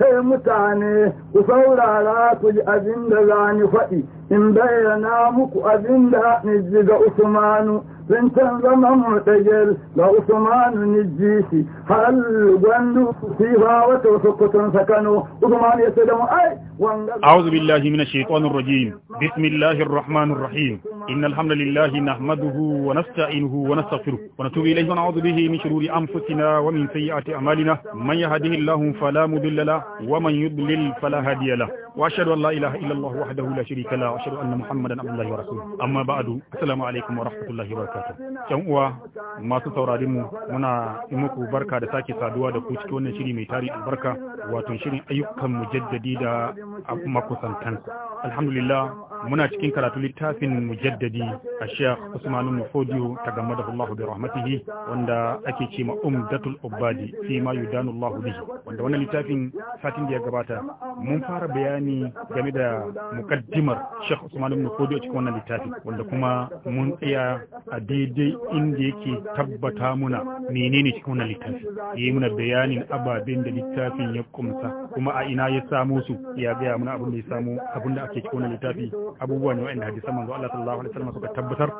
sai mutane ku saurara ku ji abin da za ni faɗi in bayyana muku abin da ni ji ga usmanu بنتن لما معتجل لعثمان نجيسي هل جنوا فيها وتوفقة سكنو عثمان يسلم أي أعوذ بالله من الشيطان الرجيم بسم الله الرحمن الرحيم إن الحمد لله نحمده ونستعينه ونستغفره ونتوب إليه ونعوذ به من شرور أنفسنا ومن سيئات أعمالنا من يهده الله فلا مضل له ومن يضلل فلا هادي له وأشهد أن لا إله إلا الله وحده لا شريك له وأشهد أن محمدا عبد الله ورسوله أما بعد السلام عليكم ورحمة الله وبركاته Yan uwa masu saurari muna yi muku barka da sake saduwa da ku cikin wannan shiri mai tari albarka wato shirin ayyukan mujaddadi da makusantan. Alhamdulillah muna cikin karatu littafin mujaddadi a Sheikh Usman Mufodiyo ta gama da Allah bi rahmatihi wanda ake ce ma Umdatul Ubadi fi ma yudanu Allah bihi wanda wannan littafin satin da ya gabata mun fara bayani game da mukaddimar Sheikh Usman ibn Fodi a cikin wannan littafi wanda kuma mun tsaya a daidai inda yake tabbata muna menene cikin wannan littafi yi muna bayanin ababen da littafin ya kumsa kuma a ina ya samo su ya gaya muna abin da ya samo abin da ake cikin wannan littafi abubuwa ne wa'anda hadisan manzo Allah sallallahu alaihi wasallam suka tabbatar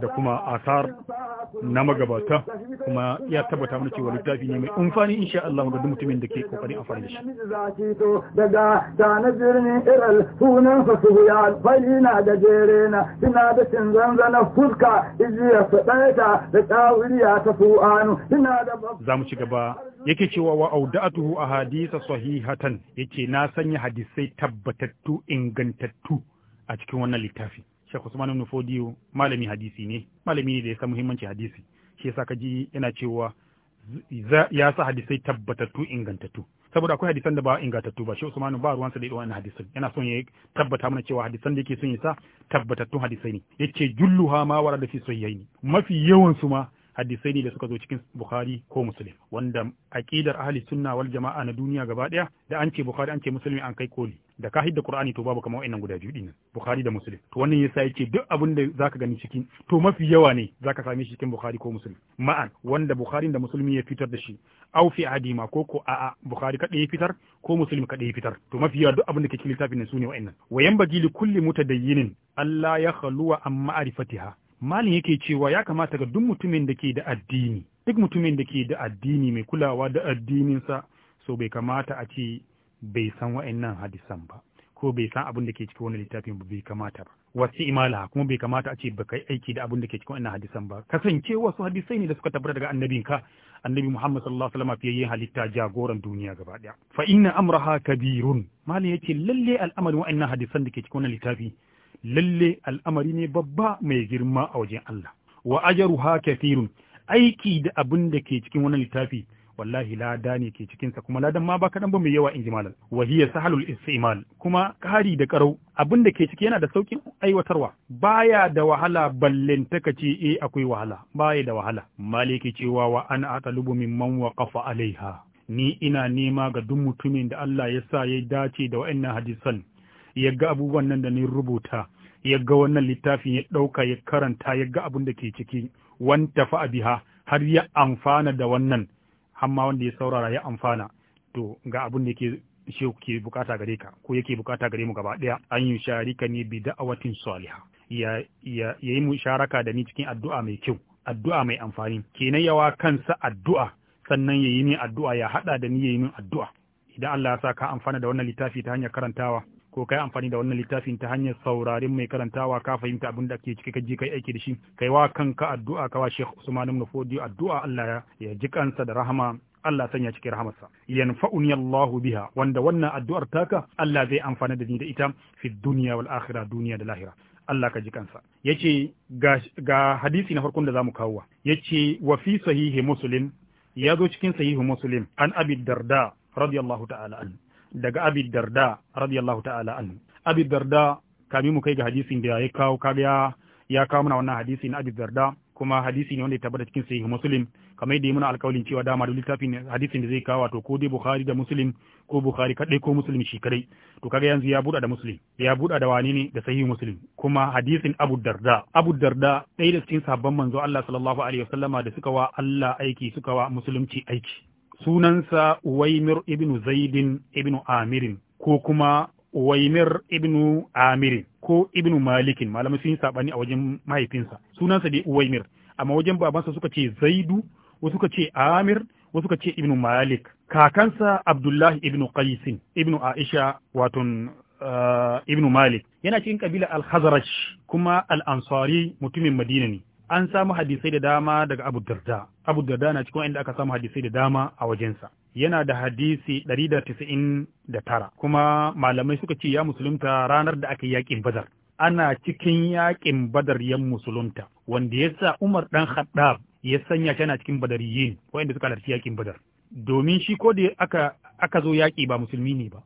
da kuma asar na magabata kuma ya tabbata mana cewa littafi ne mai umfani insha Allah ga mutumin da ke kokarin amfani da shi dana birni birnin iral sunan su suya na gajere na ina da cin zanzana fuska ijiya su ɗaya da tsawuriya ta anu ina da za mu ci gaba yake cewa wa auda'atuhu a hadisa sahihatan yace na sanya hadisai tabbatattu ingantattu a cikin wannan littafi Sheikh Usman ibn Fodiyo malami hadisi ne malami ne da ya san muhimmanci hadisi shi yasa ji yana cewa ya sa hadisai tabbatattu ingantattu saboda akwai hadisan da ba ingantattu ba shi Usmanu ba ruwansa da wannan hadisan yana son ya tabbata mana cewa hadisan da yake son ya sa tabbatattun hadisai ne yace julluha ma warada fi sahihaini mafi yawan su ma hadisai ne da suka zo cikin Bukhari ko Muslim wanda aqidar ahli sunna wal jama'a na duniya gaba daya da an ce Bukhari an ce Muslim an kai koli da ka hidda Qur'ani to babu kamar wa'annan guda biyu dinnan Bukhari da Muslim to wannan yasa yake duk abin da zaka gani cikin to mafi yawa ne zaka same shi cikin Bukhari ko Muslim ma'an wanda Bukhari da Muslim ya fitar da shi au fi adima ko ko a'a Bukhari kadai ya fitar ko Muslim kadai ya fitar to mafi yawa duk abin da ke cikin littafin nan sune wa'annan wayan bagili kulli mutadayyinin Allah ya khaluwa an ma'arifatiha malin yake cewa ya kamata ga duk mutumin da ke da addini duk mutumin da ke da addini mai kulawa da addininsa so bai kamata a ce bai san wa'annan hadisan ba ko bai san abin da ke cikin wani littafin ba bai kamata ba wasu imala kuma bai kamata a ce ba kai aiki da abin da ke cikin wannan hadisan ba kasance wasu hadisai ne da suka tabbata daga annabin ka annabi Muhammad sallallahu alaihi wasallam fiye halitta jagoran duniya gaba daya fa inna amraha kabirun malin yake lalle al'amarin wa'annan hadisan da ke cikin wannan littafi lalle al'amari ne babba mai girma a wajen Allah wa ha kafirun aiki da abin da ke cikin wannan littafi wallahi lada ne ke cikinsa kuma ladan ma ba kaɗan ba mai yawa in ji malal sahalul istimal kuma kari da karau abin da ke ciki yana da saukin aiwatarwa baya da wahala taka ce e akwai wahala baya da wahala maliki cewa wa ana atalubu mimman waqafa alaiha ni ina nema ga duk mutumin da Allah ya sa ya dace da wa'annan hadisan ya ga abubuwan nan da ni rubuta ya ga wannan littafin ya ɗauka ya karanta ya ga abin da ke ciki wanta a biha har ya amfana da wannan amma wanda ya saurara ya amfana to ga abin da yake shi ke bukata gare ka ko yake bukata gare mu gaba ɗaya, an yi sharika ne bi da'awatin salihah ya ya yi sharaka da ni cikin addu'a mai kyau addu'a mai amfani kenan yawa kansa addu'a sannan yayi ni addu'a ya haɗa da ni yayi min addu'a idan Allah ya sa ka amfana da wannan littafi ta hanyar karantawa ko kai amfani da wannan littafin ta hanyar saurarin mai karantawa ka fahimta abin da ake ciki ka je kai aiki da shi kai wa kanka addu'a wa Sheikh Usman ibn Fodi addu'a Allah ya ji kansa da rahama Allah sanya cikin rahamarsa yanfa'uni Allahu biha wanda wannan addu'ar taka Allah zai amfana da ni da ita fi dunya wal akhirah duniya da lahira Allah ka ji kansa yace ga, ga hadisi na farkon da zamu kawo yace wa fi sahihi muslim ya zo cikin sahihi muslim an abi darda radiyallahu ta'ala anhu daga abi darda radiyallahu ta'ala an abi darda kami mu kai ga hadisin da ya kawo kaga ya kawo mana wannan hadisi na abi darda kuma hadisi ne wanda ya tabbata cikin sahih muslim kamar yadda muna alƙawarin cewa dama da littafin hadisin da zai kawo wato ko dai bukhari da muslim ko bukhari kadai ko muslim shi kadai to kaga yanzu ya buɗa da muslim ya buɗa da wani ne da sahih muslim kuma hadisin abu darda abu darda ɗaya da cikin sabon manzo Allah sallallahu alaihi wasallama da suka wa Allah aiki suka wa musulunci aiki sunansa Uwaimir ibn Zaidin ibn Amirin ko kuma Uwaimir ibn Amirin ko ibn Malikin malamai sun yi sabani a wajen mahaifinsa sunansa dai Uwaimir amma wajen babansa suka ce Zaidu wasu suka ce Amir wasu suka ce ibn Malik kakansa Abdullahi ibn Qais ibn Aisha waton uh, ibn Malik yana cikin kabila Al-Khazraj kuma Al-Ansari mutumin Madina ne an samu hadisai da dama daga Abu Darda Abu Darda na cikin inda aka samu hadisai da dama a wajensa yana da hadisi da da tara. kuma malamai suka ce ya musulunta ranar da aka yi yakin Badar ana cikin yaƙin Badar yan musulunta wanda ya sa Umar ɗan Haddar ya sanya shi ana cikin badar yin wanda suka halarci yaƙin Badar domin shi ko da aka aka zo yaƙi ba musulmi ne ba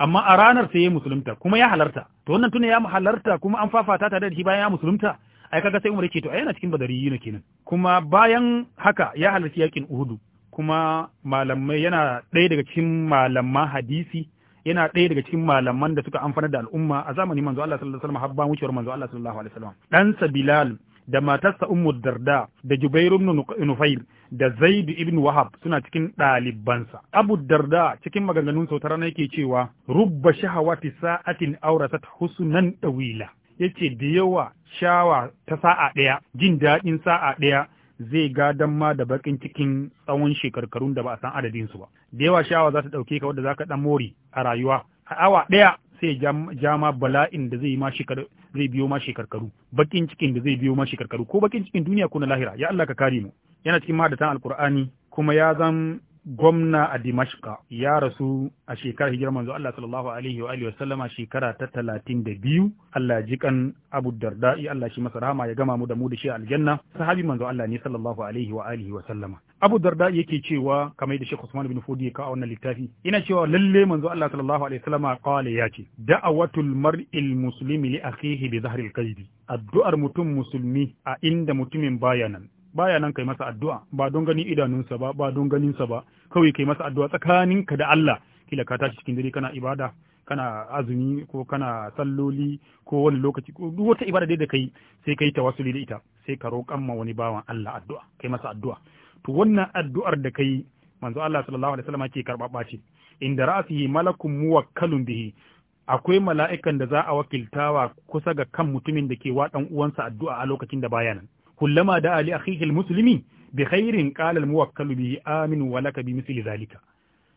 amma a ranar sai ya musulunta kuma ya halarta to wannan tuna ya halarta kuma an fafata tare da shi bayan ya musulunta ai kaga sai Umar yake to a yana cikin badariyina kenan kuma bayan haka ya halarci yakin Uhudu kuma malamai yana ɗaya daga cikin malaman hadisi yana ɗaya daga cikin malaman da suka amfana da al'umma a zamanin manzo Allah sallallahu alaihi wasallam habban wucewar manzo Allah sallallahu alaihi wasallam dan sa Bilal da matarsa Ummu Darda da Jubair ibn Nufair da Zaid ibn Wahab suna cikin ɗalibansa. Abu Darda cikin maganganun sauta na yake cewa rubba shahawati sa'atin aurasat husnan dawila. yace da yawa shawa ta sa'a ɗaya jin daɗin sa'a ɗaya zai gadon ma da bakin cikin tsawon shekarkarun da ba a san adadinsu ba da yawa shawa za ta ɗauke ka wadda za ka ɗan mori a rayuwa a awa ɗaya sai ja ma bala'in da zai zai biyo ma shekarkaru bakin cikin da zai biyo ma shekarkaru ko bakin cikin duniya ko na lahira ya Allah ka kare mu yana cikin ma da ta alƙur'ani kuma ya zan gwamna a Dimashka ya rasu a shekarar hijirar manzo Allah sallallahu alaihi wa alihi wasallama shekara ta talatin da biyu Allah jikan Abu Darda'i Allah shi masa rahama ya gama mu da mu da shi a aljanna sahabi manzo Allah ne sallallahu alaihi wa alihi wasallama Abu Darda'i yake cewa kamar da Sheikh Usman bin Fodi ka kawo wannan littafi ina cewa lalle manzo Allah sallallahu alaihi wasallama qala ya ce da'awatul mar'il muslimi li akhihi bi zahril qalbi addu'ar mutum musulmi a inda mutumin bayanan baya nan kai masa addu'a ba don ganin idanunsa ba ba don ganinsa ba kawai kai masa addu'a tsakaninka da Allah kila ka tashi cikin dare kana ibada kana azumi ko kana salloli ko wani lokaci ko duk wata ibada dai da kai sai kai tawassuli da ita sai ka roƙan ma wani bawan Allah addu'a kai masa addu'a to wannan addu'ar da kai manzo Allah sallallahu alaihi wasallam ke karbaba ce inda ra'sihi malakun muwakkalun bihi akwai mala'ikan da za a wakiltawa kusa ga kan mutumin da ke wa uwansa addu'a a lokacin da baya nan kullama da ali akhihi almuslimi bi khairin qala almuwakkalu bihi amin wa laka bi misli zalika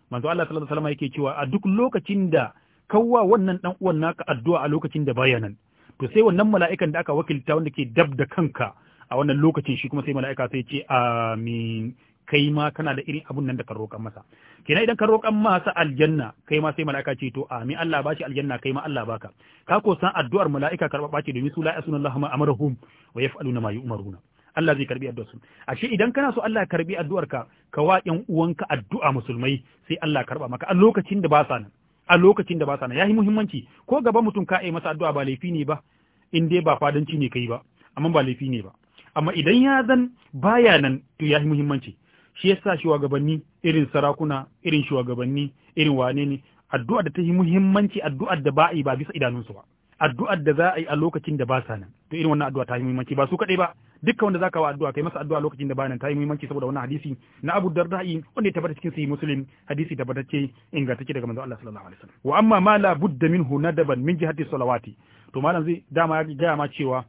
manzo Allah sallallahu alaihi wasallam yake cewa a duk lokacin da kawwa wannan dan uwan naka addu'a a lokacin da baya nan to sai wannan mala'ikan da aka wakilta wanda ke dab da kanka a wannan lokacin shi kuma sai mala'ika sai ce amin kai ma kana da irin abun nan da kan roƙan masa kenan idan kan roƙan masa aljanna kai ma sai mala'ika ce to amin Allah ba shi aljanna kai ma Allah baka ka ko san addu'ar mala'ika karɓa ce domin su la yasuna Allah ma amarhum wa yaf'aluna ma yu'maruna Allah zai karbi addu'ar su ashe idan kana so Allah ya karbi addu'ar ka ka wa ƴan uwanka addu'a musulmai sai Allah karba maka a lokacin da ba sa nan a lokacin da ba sa nan yayi muhimmanci ko gaba mutum ka yi masa addu'a ba laifi ne ba in dai ba fadanci ne kai ba amma ba laifi ne ba amma idan ya zan baya nan to yayi muhimmanci shi yasa shugabanni irin sarakuna irin shugabanni irin wane ne addu'a da ta yi muhimmanci addu'ar da ba a yi ba bisa idanunsu ba addu'ar da za a yi a lokacin da ba sa nan to irin wannan addu'a ta yi muhimmanci ba su kaɗai ba dukkan wanda zaka wa addu'a kai masa addu'a lokacin da ba nan ta yi muhimmanci saboda wannan hadisi na Abu Darda'i wanda ya tabbata cikin sahih Muslim hadisi tabbatacce ingantacce daga manzo Allah sallallahu alaihi wasallam wa amma ma la budda minhu nadaban min jihati salawati to malam zai dama ya ga ma cewa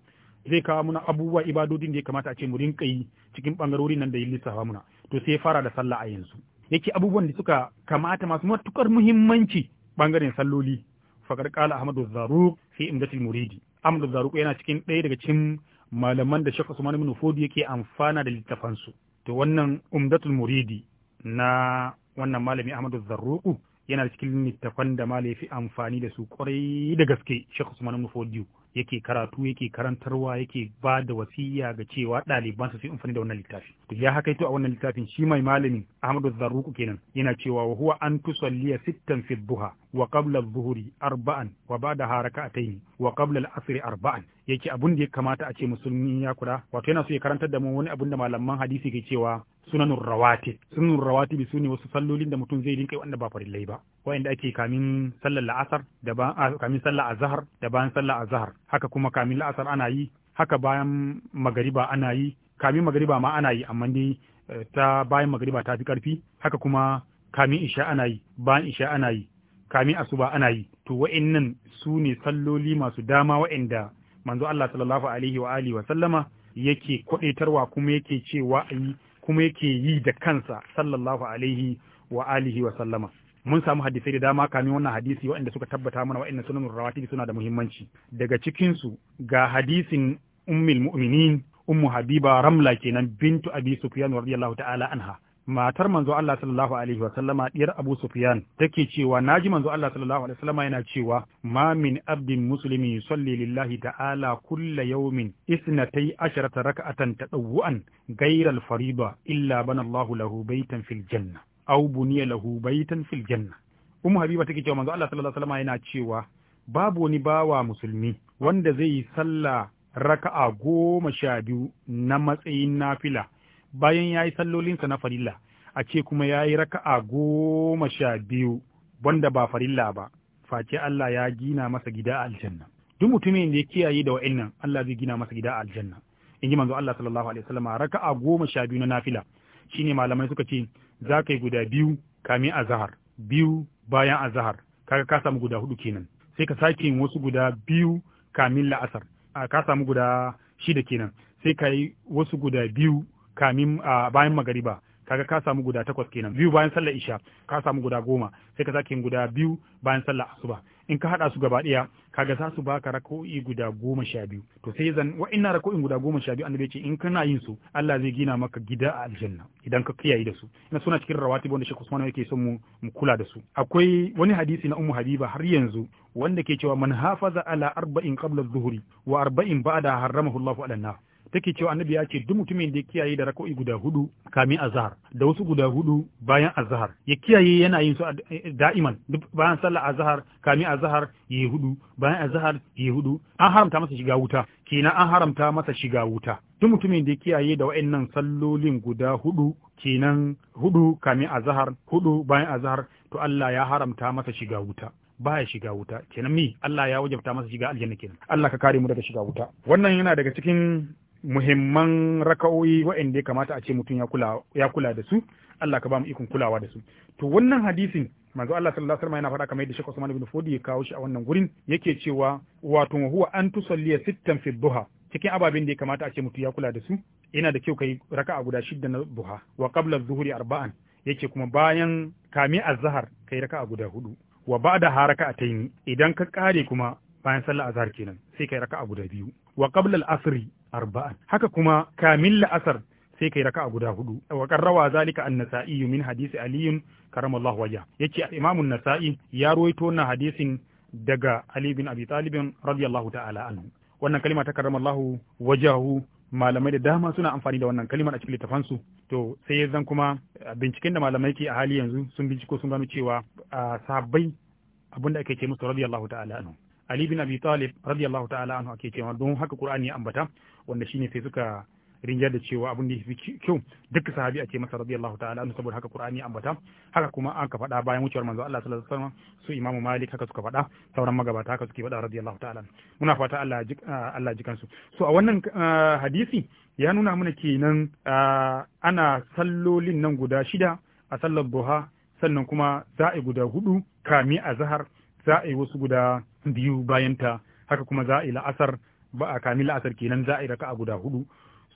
zai kawo muna abubuwa ibadodin da ya kamata a ce mu rinka yi cikin bangarorin nan da yin lissafa muna to sai fara da sallah a yanzu yake abubuwan da suka kamata masu matukar muhimmanci bangaren salloli fakar kala ahmadu zaru fi imdatul muridi ahmadu zaru yana cikin ɗaya daga cikin malaman da shekh usman ibn fodi yake amfana da littafansu to wannan umdatul muridi na wannan malami ahmadu zarruku yana cikin littafan da ya fi amfani da su kwarai da gaske Sheikh Usman ibn Fodiyo yake karatu yake karantarwa yake ba da wasiya ga cewa ɗaliban su amfani da wannan littafi to ya hakaito a wannan littafin shi mai malamin Ahmadu Zarruku kenan yana cewa wa huwa an tusalliya sittan fi dhuha wa qabla adh-dhuhri arba'an wa ba'da raka'atayn wa qabla al-'asr arba'an yake abun da ya kamata a ce musulmi ya kula wato yana so ya karantar da mu wani abun da malaman hadisi ke cewa sunanun rawatib sunanun rawatib su ne wasu sallolin da mutum zai yi wanda ba farillai ba wa'anda ake kamin sallar la'asar da ba kamin sallar azhar da bayan sallar azhar haka kuma kamin la'asar ana yi haka bayan magariba ana yi kamin magariba ma ana yi amma dai eh, ta bayan magariba ta fi karfi haka kuma kamin isha ana yi bayan isha ana yi kamin asuba ana yi to wa'annan su ne salloli masu dama wa'anda manzo Allah sallallahu alaihi wa alihi wa sallama yake kwadaitarwa kuma yake cewa a yi kuma yake yi da kansa sallallahu alaihi wa alihi wa sallama mun samu hadisai da dama kamin wannan hadisi waɗanda suka tabbata mana waɗannan sunan rawatib suna da muhimmanci daga cikin su ga hadisin ummul mu'minin ummu habiba ramla kenan bintu abi sufyan radiyallahu ta'ala anha matar manzo Allah sallallahu alaihi wa sallama diyar Abu Sufyan take cewa naji manzo Allah sallallahu alaihi wa sallama yana cewa ma min abdin muslimi yusalli lillahi ta'ala kulla yawmin isnatai asharata rak'atan tadawwan ghayra al-fariida illa bana Allahu lahu baytan fil janna aw buniya lahu baytan fil janna Ummu Habiba take cewa manzo Allah sallallahu alaihi wa sallama yana cewa babu wani bawa musulmi wanda zai yi sallah raka'a goma sha biyu na matsayin nafila bayan ya yi sallolinsa na farilla a ce kuma ya yi raka'a goma sha biyu wanda ba farilla ba face Allah ya gina masa gida a aljanna duk mutumin da ya kiyaye da wa'annan Allah zai gina masa gida a aljanna in ji manzo Allah sallallahu alaihi wasallam raka'a goma sha biyu na nafila shine malamai suka ce za ka yi guda biyu kamin azahar biyu bayan azahar kaga ka samu guda hudu kenan sai ka sake yin wasu guda biyu kamin la'asar ka samu guda shida kenan sai ka yi wasu guda biyu kamin bayan magariba kaga ka samu guda takwas kenan biyu bayan sallar isha ka samu guda goma sai ka sake guda biyu bayan sallar asuba in ka hada su gaba daya kaga za su baka rako'i guda goma sha biyu to sai zan wa'annan rako'in guda goma sha biyu annabi ce in kana yin su Allah zai gina maka gida a aljanna idan ka kiyaye da su ina suna cikin rawatib wanda Sheikh Usman yake son mu kula da su akwai wani hadisi na Ummu Habiba har yanzu wanda ke cewa man hafaza ala arba'in qabla adh-dhuhri wa arba'in ba'da harramahu Allahu ala nar take cewa annabi ya ce duk mutumin da ya kiyaye da rako'i guda hudu kamin azhar da wasu guda hudu bayan azhar ya kiyaye yana yin su da'iman duk bayan sallar azhar kamin azhar yi hudu bayan azhar yi hudu an haramta masa shiga wuta kenan an haramta masa shiga wuta duk mutumin da ya kiyaye da wa'annan sallolin guda hudu kenan hudu kamin azhar hudu bayan azhar to Allah ya haramta masa shiga wuta baya shiga wuta kenan mi Allah ya wajabta masa shiga aljanna kenan Allah ka kare mu daga shiga wuta wannan yana daga cikin muhimman raka'o'i waɗanda ya kamata a ce mutum ya kula da su Allah ka ba mu ikon kulawa da su to wannan hadisin manzo Allah sallallahu alaihi wasallam yana faɗa kamar yadda Sheikh Usman ibn Fodi ya kawo shi a wannan gurin yake cewa wato huwa an tusalli sittan fi duha cikin ababen da ya kamata a ce mutum ya kula da su yana da kyau kai raka'a guda shidda na duha wa qabla zuhuri arba'an yake kuma bayan az azhar kai raka'a guda hudu wa ba'da ha raka'ataini idan ka kare kuma bayan sallar azhar kenan sai kai raka'a guda biyu wa qabla al-asri arba'an haka kuma kamin la'asar sai kai raka'a guda hudu wa qarrawa zalika an-nasa'i min hadisi ali karamallahu wajha yace imamu an-nasa'i ya ruwaito wannan hadisin daga ali bin abi talib radiyallahu ta'ala anhu wannan kalima ta karamallahu wajahu malamai da dama suna amfani da wannan kalimar a cikin littafansu to sai zan kuma binciken da malamai ke a hali yanzu sun binciko sun gano cewa sahabbai abinda ake ce musu radiyallahu ta'ala anhu Ali bin Abi Talib radiyallahu ta'ala anhu ake cewa don haka Qur'ani ya ambata wanda shine sai suka rinjar da cewa abin da ya fi kyau duka sahabi a ce masa radiyallahu ta'ala anhu saboda haka Qur'ani ya ambata haka kuma an ka faɗa bayan wucewar manzo Allah sallallahu alaihi wasallam su Imam Malik haka suka faɗa sauran magabata haka suke faɗa radiyallahu ta'ala muna fata Allah ah, Allah jikan su so a wannan ah, hadisi ya nuna mana kenan ah, ana sallolin nan guda shida a sallar duha sannan kuma za'i guda hudu kami a zahar za a yi wasu guda biyu bayan ta haka kuma za a yi la'asar ba a kami la'asar kenan za a yi raka'a guda hudu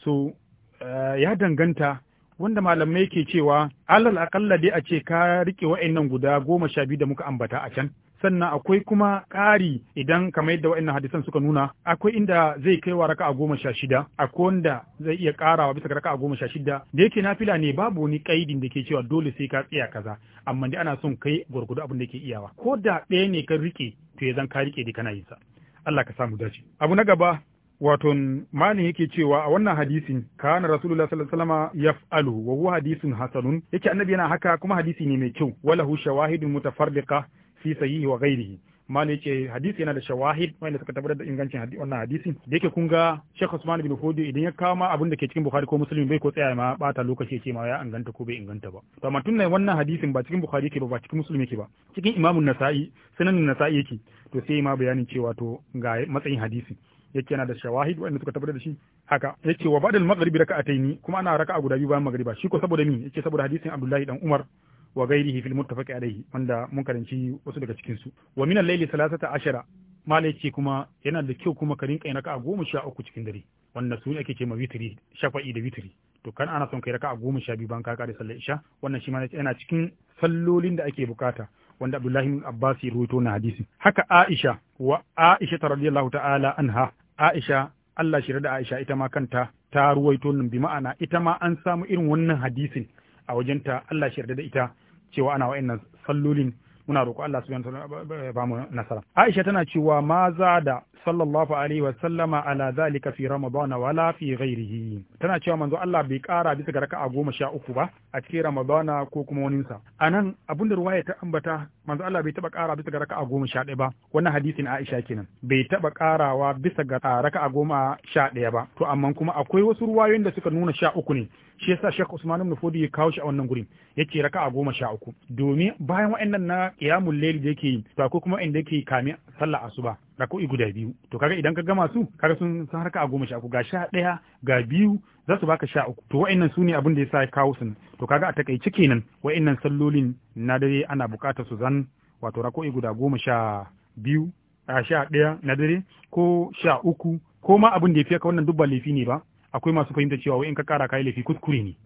so eh, ya danganta wanda malamai ke cewa alal akalla dai a ce ka rike wa'annan guda goma sha biyu da muka ambata a can sannan akwai kuma ƙari idan kamar yadda wa'annan hadisan suka nuna akwai inda zai kai wa raka'a goma sha shida akwai wanda zai iya ƙarawa bisa ga raka'a goma sha shida da yake nafila ne babu wani ƙaidin da ke cewa dole sai ka tsaya kaza amma dai ana son kai gwargwado abin da ke iyawa ko da ɗaya ne ka rike to ya zan ka rike da kana yin sa Allah ka samu dace abu na gaba waton malin yake cewa a wannan hadisin kana rasulullah sallallahu alaihi wasallam yaf'alu wa huwa hadisun hasanun yake annabi yana haka kuma hadisi ne mai kyau wala hu shawahidun mutafarriqa fi sahihi wa ghairihi malai ce hadisi yana da shawahid wanda suka tabbatar da ingancin wannan hadisi da yake kun ga Sheikh Usman bin Hudu idan ya kawo ma abin da ke cikin Bukhari ko Muslim bai ko tsaya ma bata lokaci yace ma ya inganta ko bai inganta ba to amma tunne wannan hadisin ba cikin Bukhari yake ba ba cikin Muslim yake ba cikin Imam An-Nasa'i sanan An-Nasa'i yake to sai ma bayanin cewa to ga matsayin hadisi yake yana da shawahid wanda suka tabbatar da shi haka yake wa ba'da al-maghrib raka'ataini kuma ana raka'a guda biyu bayan maghriba shi ko saboda ni yake saboda hadisin Abdullahi dan Umar wa ghairihi fil muttafaqi alayhi wanda mun karanci wasu daga cikin su wa min al-layli 13 malai ce kuma yana da kyau kuma ka rinka yin raka'a goma sha uku cikin dare Wannan su ake ce witiri witri shafa'i da witri to kan ana son kai raka'a goma sha biyu ban ka kare sallar isha wannan shi ma yana cikin sallolin da ake bukata wanda Abdullahi bin Abbas ya rawaito na hadisi haka Aisha wa Aisha radiyallahu ta'ala anha Aisha Allah shi da Aisha ita ma kanta ta ruwaito nan bi ma'ana ita ma an samu irin wannan hadisin a wajenta Allah shi da ita cewa ana wa'annan sallolin muna roƙo Allah subhanahu wa ba mu nasara Aisha tana cewa ma za da sallallahu alaihi wa sallama ala zalika fi ramadana wala fi ghairihi tana cewa manzo Allah bai ƙara bisa ga raka'a goma sha uku ba a cikin ramadana ko kuma waninsa a nan abin da ruwaya ta ambata manzo Allah bai taba ƙara bisa ga raka'a goma sha ɗaya ba wannan hadisin Aisha kenan bai taba ƙarawa bisa ga raka'a goma sha ɗaya ba to amma kuma akwai wasu ruwayoyin da suka nuna sha uku ne shi yasa Sheikh Usman ibn Fodi ya kawo shi a wannan gurin yace raka'a goma sha uku domin bayan wa'annan na ƙiyamun layl da yake yi to akwai kuma inda yake kame sallah asuba rako'i guda biyu to kaga idan ka gama su kaga sun san raka'a goma sha uku ga sha ɗaya ga biyu za su baka sha uku to wa'annan su ne abin da ya sa ya kawo su to kaga a takaice kenan wa'annan sallolin na dare ana bukatar su zan wato rako'i guda goma sha biyu a sha ɗaya na dare ko sha uku ko ma abin da ya fi ka wannan dubban laifi ne ba akwai masu fahimta cewa wa'in ka kara kayi laifi kuskure ne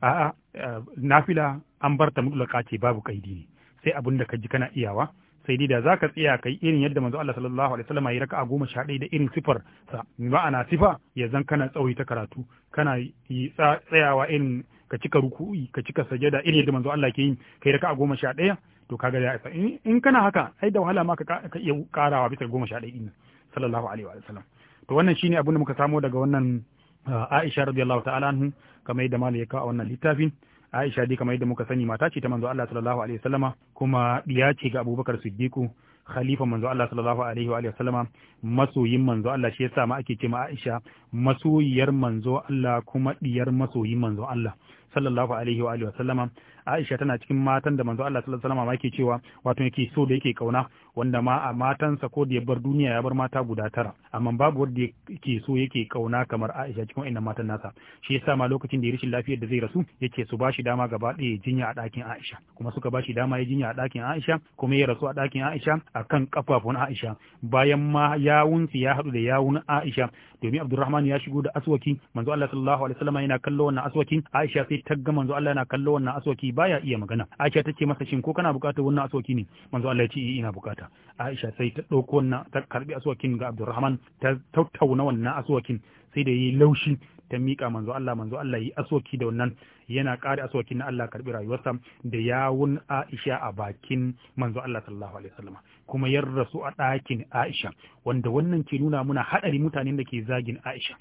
a'a eh, nafila an bar ta mutlaka ce babu kaidi ne sai abin da ka ji kana iyawa sai dai da zaka tsaya yi irin yadda manzo Allah sallallahu alaihi wasallam ya raka'a goma sha ɗaya da irin sifar sa ana sifa ya zan kana ta karatu kana yi tsayawa irin ka cika ruku'i ka cika sajada irin yadda manzo Allah ke yi kai raka'a goma sha ɗaya to kaga ya isa in kana haka ai da wahala ma ka ka iya karawa bisa goma sha ɗaya din sallallahu alaihi wa to wannan shine abin da muka samo daga wannan ah, Aisha radiyallahu ta'ala anhu kamar yadda malai ya kawo a wannan littafin Aisha dai kamar yadda muka sani mata ce ta manzo Allah sallallahu alaihi wasallama kuma diya ce ga Abubakar Siddiqu khalifa manzo Allah sallallahu alaihi wa sallama masoyin manzo Allah shi yasa ma ake ce ma Aisha masoyiyar manzo Allah kuma diyar masoyin manzo Allah sallallahu alaihi wa alihi Aisha tana cikin matan da manzo Allah sallallahu alaihi wasallama ke cewa wato yake so da yake kauna wanda ma a matansa ko da ya bar duniya ya bar mata guda tara amma babu wanda yake so yake kauna kamar Aisha cikin wannan matan nasa shi yasa ma lokacin da ya rishin lafiyar da zai rasu yake su bashi dama gaba ɗaya jinya a ɗakin Aisha kuma suka bashi dama ya jinya a ɗakin Aisha kuma ya rasu a ɗakin Aisha akan kafafun Aisha bayan ma yawunsu ya haɗu da yawun Aisha domin Abdulrahman ya shigo da aswaki manzo Allah sallallahu alaihi wasallama yana kallo wannan aswakin Aisha sai ta ga manzo Allah yana kallo wannan asoki baya iya magana Aisha ta ce masa shin ko kana bukatar wannan asoki ne manzo Allah ya ce eh, ina bukata Aisha sai ta dauko wannan ta karbi asokin ga Abdurrahman ta tattauna wannan asokin sai da yi laushi ta mika manzo Allah manzo Allah yi asoki da wannan yana kare asokin na Allah karbi rayuwarsa da yawun Aisha a bakin manzo Allah sallallahu alaihi wasallam kuma yarrasu rasu a ɗakin Aisha wanda wannan ke nuna muna haɗari mutanen da ke zagin Aisha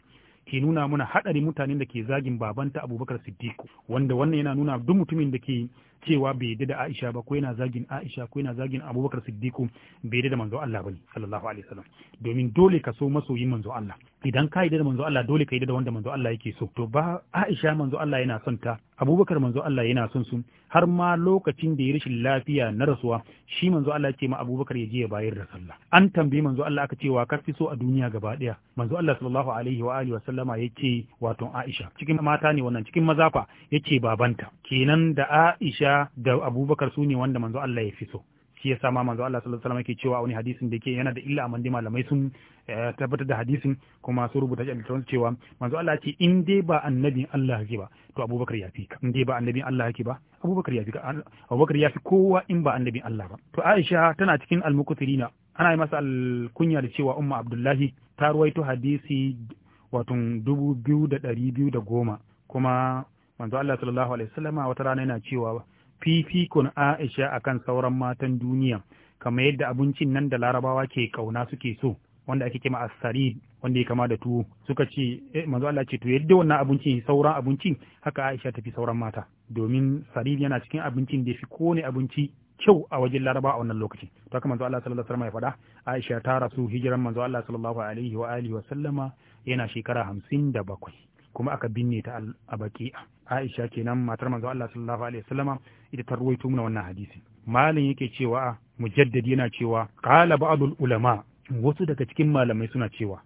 ke nuna mana haɗari mutanen da ke zagin babanta abubakar siddiq wanda wannan yana nuna duk mutumin da ke cewa bai yadda da Aisha ba ko yana zagin Aisha ko yana zagin Abubakar Siddiq bai yadda da manzo Allah bane sallallahu alaihi wasallam domin dole ka so masoyin manzo Allah idan ka yadda da manzo Allah dole ka yadda da wanda manzo Allah yake so to ba Aisha manzo Allah yana son ta Abubakar manzo Allah yana son su har ma lokacin da ya rashin lafiya na rasuwa shi manzo Allah ya ce ma Abubakar ya je ya bayar da sallah an tambayi manzo Allah aka cewa karfi so a duniya gaba daya manzo Allah sallallahu alaihi wa alihi wa sallama yace wato Aisha cikin mata ne wannan cikin mazafa yace babanta kenan da Aisha da Abubakar su ne wanda manzo Allah ya fi so shi yasa ma manzo Allah sallallahu alaihi wasallam yake cewa wani hadisin da yake yana da illa amma dai malamai sun eh, tabbatar da hadisin kuma sun rubuta shi cewa manzo Allah ce in dai ba annabin Allah yake ba to Abubakar ya fi ka in dai ba annabin Allah yake ba Abubakar ya fi ka Abubakar ya fi kowa in ba annabin Allah ba to Aisha tana cikin al-mukuthirina ana yi masa alkunya da cewa umma Abdullahi ta ruwaito hadisi watan dubu biyu da ɗari biyu da goma kuma manzo Allah sallallahu alaihi wasallama wata rana yana cewa fifikon Aisha a kan sauran matan duniya kamar yadda abincin nan da larabawa ke kauna suke so wanda ake kima asari wanda ya kama da tuwo suka ce eh, manzo Allah ce to yadda wannan abincin sauran abincin haka Aisha tafi sauran mata domin sarir yana cikin abincin da fi kone abinci kyau a wajen Laraba a wannan lokaci to haka manzo Allah sallallahu alaihi wasallam ya faɗa Aisha ta rasu hijiran manzo Allah sallallahu alaihi wa alihi wa sallama yana shekara 57 kuma aka binne ta a a. Aisha kenan matar manzo Allah sallallahu alaihi wasallama ita ta ruwaito mana wannan hadisi malin yake cewa mujaddadi yana cewa qala ba'dul ulama wasu daga cikin malamai suna cewa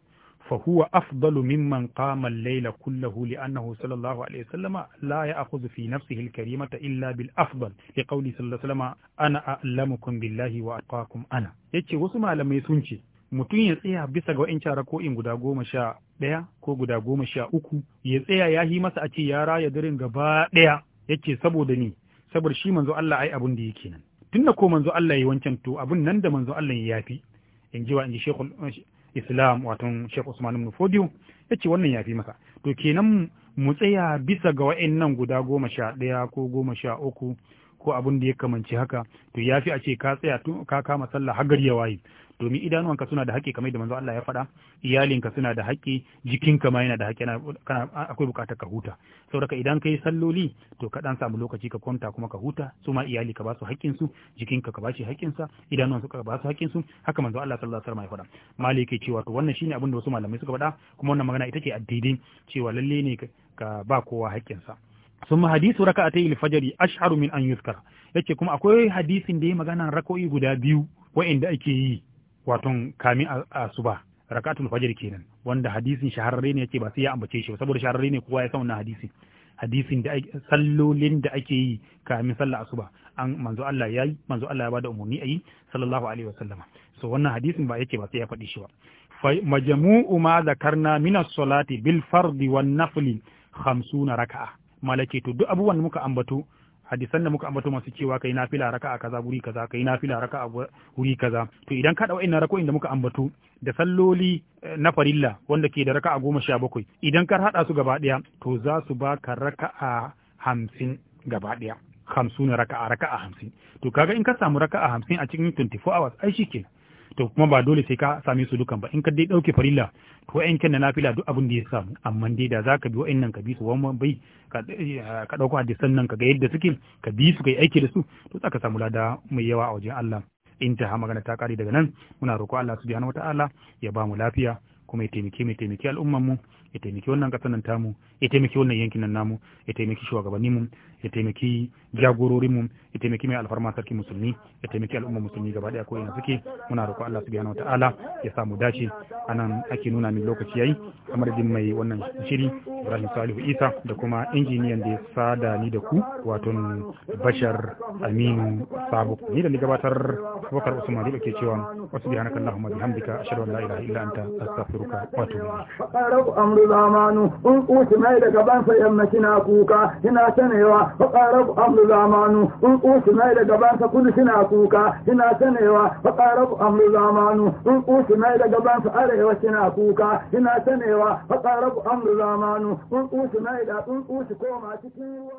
fa huwa afdalu mimman qama al-layla kullahu li'annahu sallallahu alaihi wasallama la ya'khudhu fi nafsihi al-karimata illa bil afdal li qawli sallallahu alaihi wasallama ana a'lamukum billahi wa atqakum ana yace wasu malamai sun ce mutum ya tsaya bisa ga wa'in cara ko'in guda goma sha ɗaya ko guda goma sha uku ya tsaya ya yi masa a ce ya raya daren gaba ɗaya yake saboda ni saboda shi manzo Allah ai abun da yake nan da ko manzo Allah ya yi wancan to abun nan da manzo Allah ya yafi in ji wa in ji shekul eh, islam wato shekul usman ibn fodiyo ce wannan ya fi masa to kenan mu tsaya bisa ga wa'in nan guda goma sha ɗaya ko goma sha uku ko abin da ya kamanci haka to ya fi a ce ka tsaya ka kama sallah har gari ya waye domin idanuwanka suna da haƙƙi kamar yadda manzo Allah ya faɗa iyalinka suna da haƙƙi jikinka ma yana da haƙƙi kana akwai buƙatar ka huta saboda idan kai salloli to ka dan samu lokaci ka kwanta kuma ka huta su ma iyali ka ba su haƙƙin su jikinka ka ba shi haƙƙin sa idanuwanka ka ba su haƙƙin su haka manzo Allah sallallahu alaihi wasallam ya faɗa malike cewa to wannan shine abin da wasu malamai suka faɗa kuma wannan magana ita ce addini cewa lalle ne ka ba kowa haƙƙin sa ثم حديث ركعتي الفجر أشعر من an يذكر yake kuma akwai hadisin da ya magana rako'i guda biyu wa'inda ake yi waton kami asuba rakatul fajr kenan wanda hadisin shahararre ne yake ba sai ya ambace shi saboda shahararre ne kowa ya san wannan hadisin hadisin da sallolin da ake yi kamin sallah asuba an manzo Allah yayi manzo Allah ya bada umarni ayi sallallahu alaihi wasallama so wannan hadisin ba yake ba sai ya faɗi shi ba majmu'u ma zakarna min as-salati bil fardi wan nafli 50 raka'a malaki to duk abubuwan muka ambato hadisan da muka ambato masu cewa kai nafila raka'a kaza guri kaza kai nafila raka'a guri kaza to idan ka da wa'annan rako'in da muka ambato da salloli eh, na farilla wanda ke da raka'a goma sha bakwai idan ka haɗa su gaba ɗaya to za su baka raka'a hamsin gaba ɗaya hamsin raka'a raka'a hamsin to kaga in ka samu raka'a hamsin a cikin 24 hours ai kenan to kuma ba dole sai ka same su dukan ba in ka dai dauke farilla to yankin na nafila duk abin da ya samu amma dai da zaka bi wa'annan ka bi su wannan bai ka dauko eh, hadisan nan ka ga yadda suke ka bi su kai aiki da su to zaka samu lada mai yawa a wajen Allah In hama magana ta kare daga nan muna roƙo Allah subhanahu wata'ala ya ba mu lafiya kuma ya taimake mu taimake al'umman mu ya taimake wannan ƙasar nan tamu ya taimake wannan yankin nan namu ya taimake shugabannin mu ya taimaki jagororin mu ya taimaki mai alfarma sarki musulmi ya taimaki al'umma musulmi gaba daya ko ina suke muna roƙo Allah subhanahu wataala ya samu dace anan ake nuna min lokaci yayi kamar din mai wannan shiri Ibrahim Salihu Isa da kuma injiniyan da ya sada ni da ku wato Bashar Aminu Sabo ni da ni gabatar Bakar Usman Rido ke cewa wasu subhanaka Allahumma bihamdika ashhadu an la ilaha illa anta astaghfiruka wa atubu ilayk amru zamanu un kuce mai daga ban sai yammacina kuka ina sanewa kuka faƙarar zamanu tsuntsu na da gabansa kudu suna kuka suna sanewa faƙarar amru zamanu tsuntsu na da gabansa arewa suna kuka suna sanewa faƙarar amru zamanu tsuntsu na da tsuntsu koma cikin ruwa